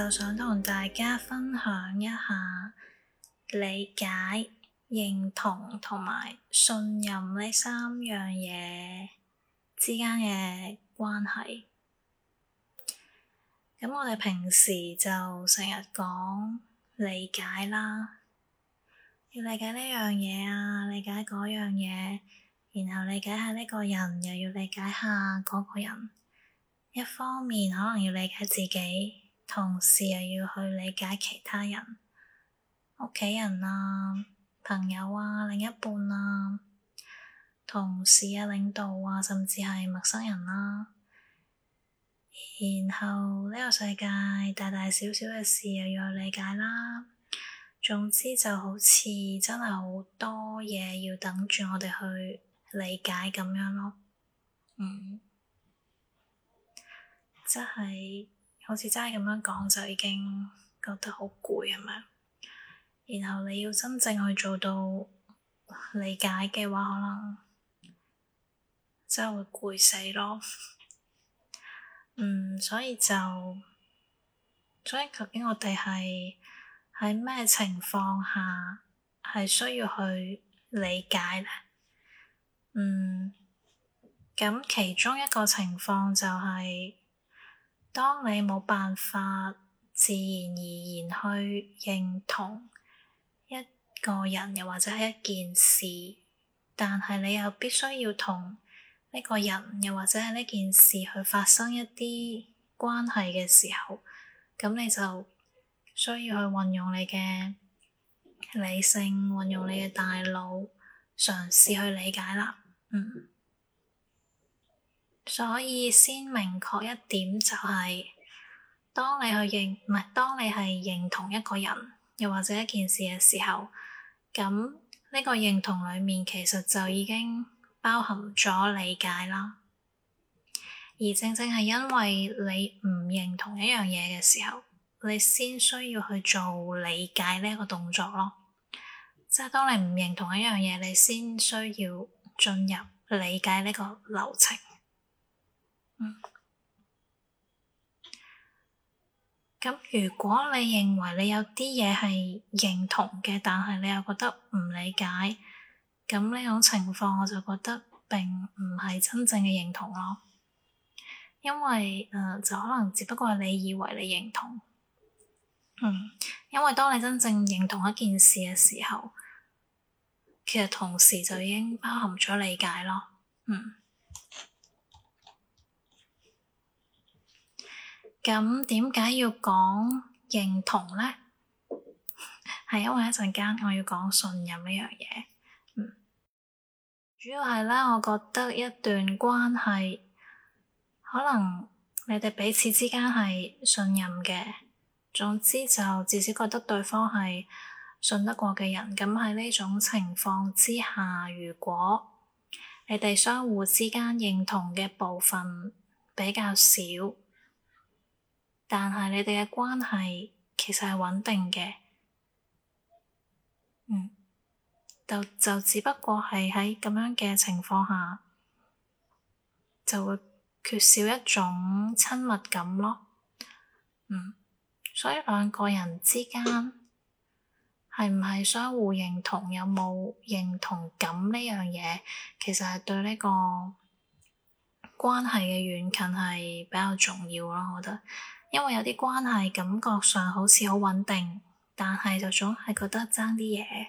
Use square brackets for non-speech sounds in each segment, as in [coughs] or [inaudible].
就想同大家分享一下理解、認同同埋信任呢三樣嘢之間嘅關係。咁我哋平時就成日講理解啦，要理解呢樣嘢啊，理解嗰樣嘢，然後理解下呢個人，又要理解下嗰個人。一方面可能要理解自己。同時，又要去理解其他人、屋企人啊、朋友啊、另一半啊、同事啊、領導啊，甚至係陌生人啦、啊。然後呢、呢個世界大大小小嘅事又要去理解啦。總之就好似真係好多嘢要等住我哋去理解咁樣咯。嗯，即係。好似真係咁樣講，就已經覺得好攰係咪？然後你要真正去做到理解嘅話，可能真係會攰死咯。嗯，所以就所以究竟我哋係喺咩情況下係需要去理解咧？嗯，咁其中一個情況就係。當你冇辦法自然而然去認同一個人，又或者係一件事，但係你又必須要同呢個人，又或者係呢件事去發生一啲關係嘅時候，咁你就需要去運用你嘅理性，運用你嘅大腦，嘗試去理解啦，嗯。所以先明確一點就係，當你去認唔係當你係認同一個人，又或者一件事嘅時候，咁呢個認同裏面其實就已經包含咗理解啦。而正正係因為你唔認同一樣嘢嘅時候，你先需要去做理解呢一個動作咯。即係當你唔認同一樣嘢，你先需要進入理解呢個流程。嗯，咁如果你認為你有啲嘢係認同嘅，但係你又覺得唔理解，咁呢種情況我就覺得並唔係真正嘅認同咯，因為誒、呃、就可能只不過係你以為你認同，嗯，因為當你真正認同一件事嘅時候，其實同時就已經包含咗理解咯，嗯。咁點解要講認同呢？係因為一陣間我要講信任呢樣嘢。嗯，主要係咧，我覺得一段關係可能你哋彼此之間係信任嘅。總之就至少覺得對方係信得過嘅人。咁喺呢種情況之下，如果你哋相互之間認同嘅部分比較少。但係你哋嘅關係其實係穩定嘅，嗯，就就只不過係喺咁樣嘅情況下，就會缺少一種親密感咯，嗯，所以兩個人之間係唔係相互認同，有冇認同感呢樣嘢，其實係對呢個關係嘅遠近係比較重要咯，我覺得。因為有啲關係，感覺上好似好穩定，但係就總係覺得爭啲嘢，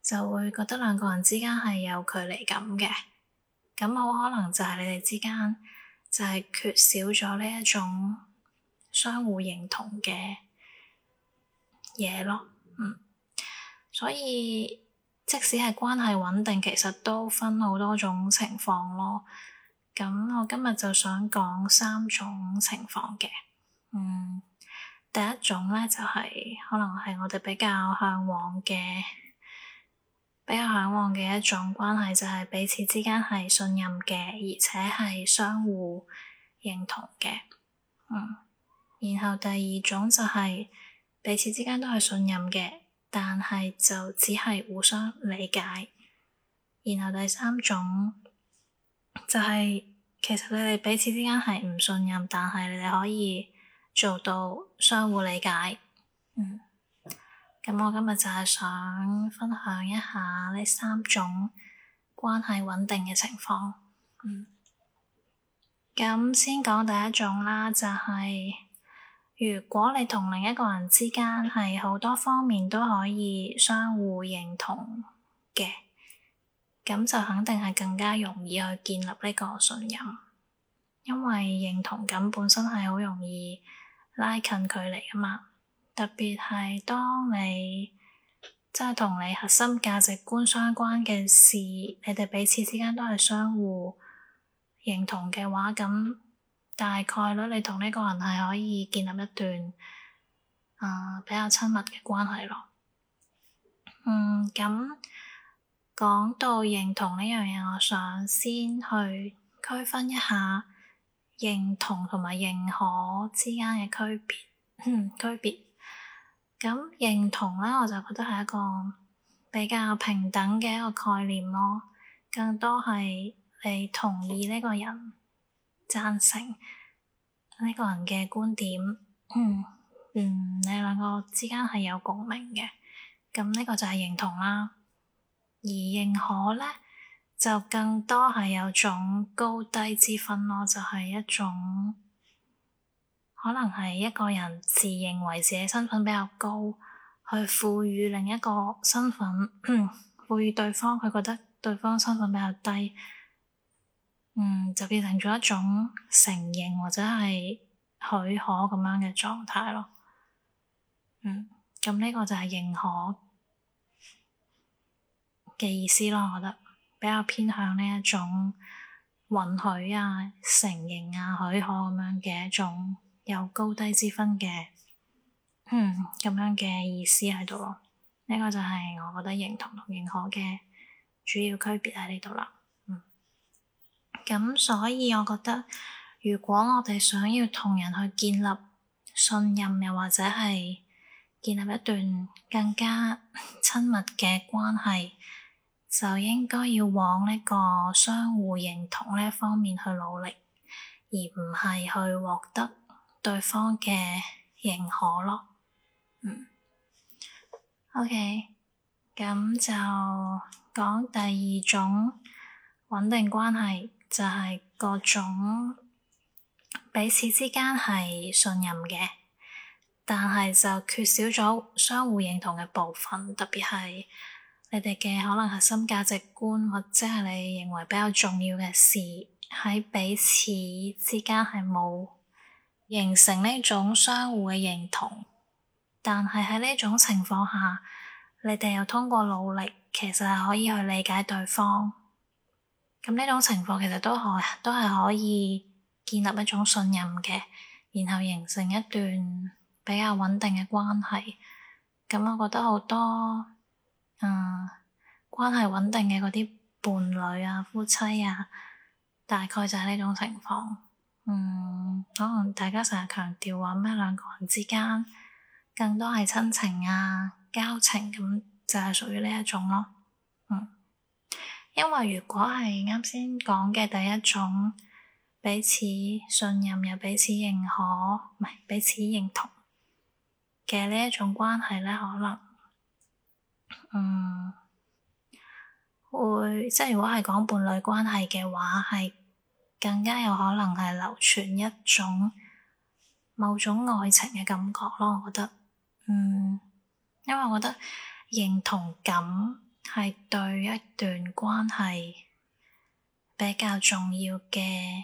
就會覺得兩個人之間係有距離感嘅。咁好可能就係你哋之間就係缺少咗呢一種相互認同嘅嘢咯。嗯，所以即使係關係穩定，其實都分好多種情況咯。咁我今日就想講三種情況嘅。嗯，第一種咧，就係、是、可能係我哋比較嚮往嘅，比較嚮往嘅一種關係就係、是、彼此之間係信任嘅，而且係相互認同嘅。嗯，然後第二種就係、是、彼此之間都係信任嘅，但係就只係互相理解。然後第三種就係、是、其實你哋彼此之間係唔信任，但係你哋可以。做到相互理解，嗯，咁我今日就係想分享一下呢三種關係穩定嘅情況，嗯，咁先講第一種啦，就係、是、如果你同另一個人之間係好多方面都可以相互認同嘅，咁就肯定係更加容易去建立呢個信任，因為認同感本身係好容易。拉近距離啊嘛，特別係當你即係同你核心價值觀相關嘅事，你哋彼此之間都係相互認同嘅話，咁大概率你同呢個人係可以建立一段誒、呃、比較親密嘅關係咯。嗯，咁講到認同呢樣嘢，我想先去區分一下。認同同埋認可之間嘅區別，區別，咁認同咧，我就覺得係一個比較平等嘅一個概念咯，更多係你同意呢個人，贊成呢個人嘅觀點，嗯，你兩個之間係有共鳴嘅，咁呢個就係認同啦，而認可咧。就更多係有種高低之分咯，就係、是、一種可能係一個人自認為自己身份比較高，去賦予另一個身份賦予對方，佢覺得對方身份比較低，嗯，就變成咗一種承認或者係許可咁樣嘅狀態咯。嗯，咁呢個就係認可嘅意思咯，我覺得。比較偏向呢一種允許啊、承認啊、許可咁樣嘅一種有高低之分嘅，嗯咁樣嘅意思喺度咯。呢、呢個就係我覺得認同同認可嘅主要區別喺呢度啦。嗯，咁所以我覺得，如果我哋想要同人去建立信任，又或者係建立一段更加親密嘅關係，就應該要往呢個相互認同呢方面去努力，而唔係去獲得對方嘅認可咯。嗯，OK，咁就講第二種穩定關係，就係、是、各種彼此之間係信任嘅，但係就缺少咗相互認同嘅部分，特別係。你哋嘅可能核心價值觀，或者係你認為比較重要嘅事，喺彼此之間係冇形成呢種相互嘅認同。但係喺呢種情況下，你哋又通過努力，其實係可以去理解對方。咁呢種情況其實都可都係可以建立一種信任嘅，然後形成一段比較穩定嘅關係。咁我覺得好多。嗯，關係穩定嘅嗰啲伴侶啊、夫妻啊，大概就係呢種情況。嗯，可能大家成日強調話咩兩個人之間更多係親情啊、交情咁，就係屬於呢一種咯。嗯，因為如果係啱先講嘅第一種，彼此信任又彼此認可，唔係彼此認同嘅呢一種關係咧，可能。嗯，會即係如果係講伴侶關係嘅話，係更加有可能係流傳一種某種愛情嘅感覺咯。我覺得，嗯，因為我覺得認同感係對一段關係比較重要嘅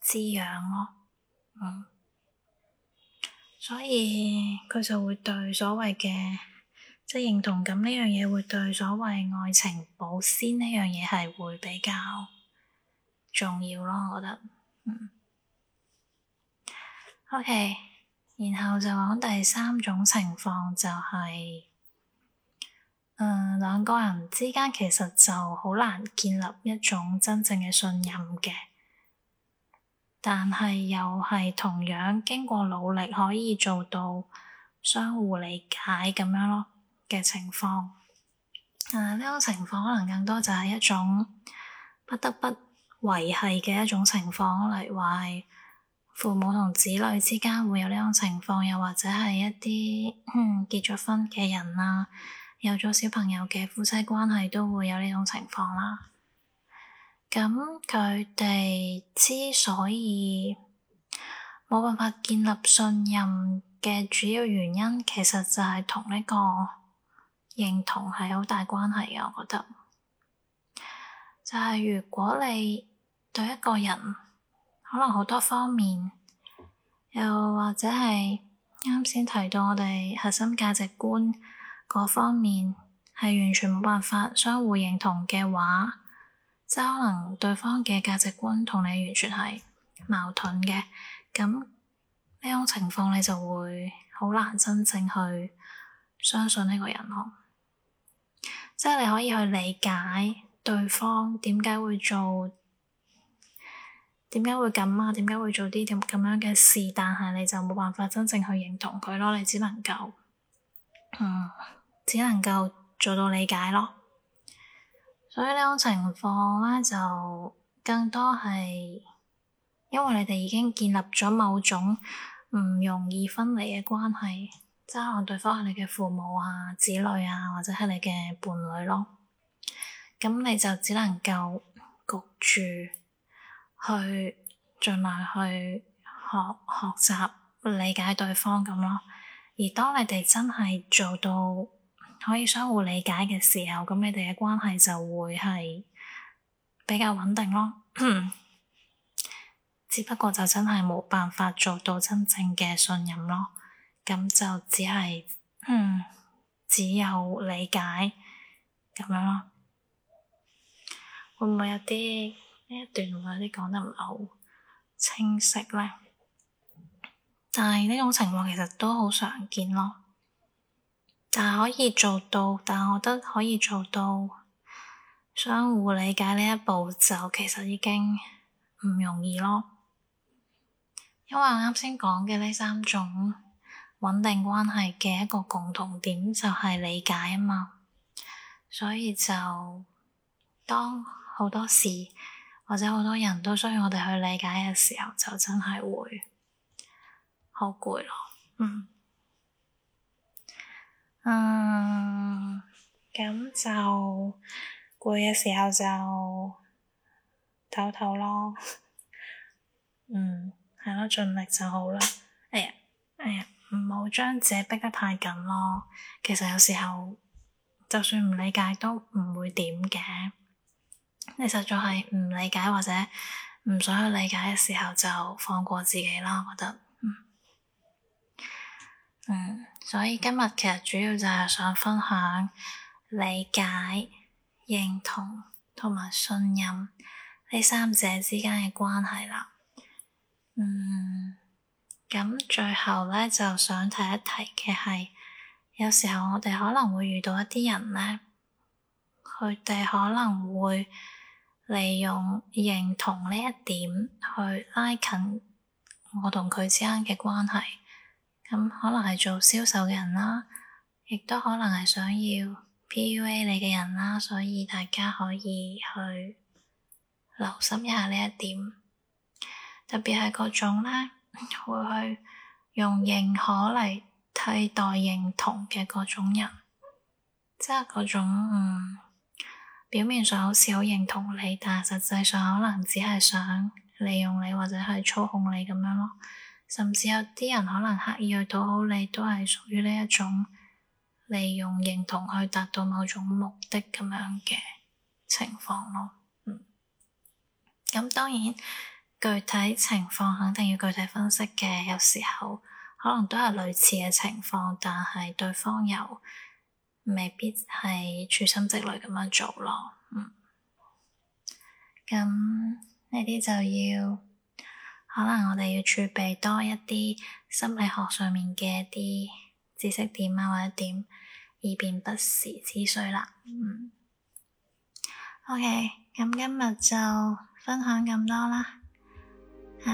滋養咯。嗯，所以佢就會對所謂嘅。即係認同感呢樣嘢，會對所謂愛情保鮮呢樣嘢係會比較重要咯，我覺得嗯。OK，然後就講第三種情況就係，誒，兩個人之間其實就好難建立一種真正嘅信任嘅，但係又係同樣經過努力可以做到相互理解咁樣咯。嘅情況，啊，呢種情況可能更多就係一種不得不維繫嘅一種情況，例如話父母同子女之間會有呢種情況，又或者係一啲結咗婚嘅人啊，有咗小朋友嘅夫妻關係都會有呢種情況啦。咁佢哋之所以冇辦法建立信任嘅主要原因，其實就係同呢個。認同係好大關係嘅，我覺得就係如果你對一個人可能好多方面，又或者係啱先提到我哋核心價值觀嗰方面係完全冇辦法相互認同嘅話，即係可能對方嘅價值觀同你完全係矛盾嘅，咁呢種情況你就會好難真正去相信呢個人咯。即係你可以去理解對方點解會做，點解會咁啊？點解會做啲咁咁樣嘅事？但係你就冇辦法真正去認同佢咯，你只能夠，嗯，只能夠做到理解咯。所以呢種情況咧，就更多係，因為你哋已經建立咗某種唔容易分離嘅關係。即係對方係你嘅父母啊、子女啊，或者係你嘅伴侶咯，咁你就只能夠焗住去盡量去學學習理解對方咁咯。而當你哋真係做到可以相互理解嘅時候，咁你哋嘅關係就會係比較穩定咯。 [coughs] 只不過就真係冇辦法做到真正嘅信任咯。咁就只係，嗯，只有理解咁樣咯。會唔會有啲呢一段會有啲講得唔係好清晰咧？但係呢種情況其實都好常見咯。但係可以做到，但係我覺得可以做到相互理解呢一步就其實已經唔容易咯，因為我啱先講嘅呢三種。穩定關係嘅一個共同點就係理解啊嘛，所以就當好多事或者好多人都需要我哋去理解嘅時候，就真係會好攰咯。嗯，啊、嗯、咁就攰嘅時候就唞唞咯。嗯，係咯，盡力就好啦。哎呀，哎呀。唔好將自己逼得太緊咯。其實有時候就算唔理解都唔會點嘅。你實在係唔理解或者唔想去理解嘅時候，就放過自己啦。我覺得，嗯，嗯。所以今日其實主要就係想分享理解、認同同埋信任呢三者之間嘅關係啦。嗯。咁最後咧，就想提一提嘅係，有時候我哋可能會遇到一啲人咧，佢哋可能會利用認同呢一點去拉近我同佢之間嘅關係。咁可能係做銷售嘅人啦，亦都可能係想要 PUA 你嘅人啦，所以大家可以去留心一下呢一點，特別係各種咧，會去用認可嚟替代認同嘅嗰種人，即係嗰種嗯表面上好似好認同你，但係實際上可能只係想利用你或者係操控你咁樣咯。甚至有啲人可能刻意去討好你，都係屬於呢一種利用認同去達到某種目的咁樣嘅情況咯。嗯，咁當然。具體情況肯定要具體分析嘅，有時候可能都係類似嘅情況，但係對方又未必係處心積慮咁樣做咯。嗯，咁呢啲就要可能我哋要儲備多一啲心理學上面嘅一啲知識點啊，或者點以便不時之需啦。嗯，OK，咁今日就分享咁多啦。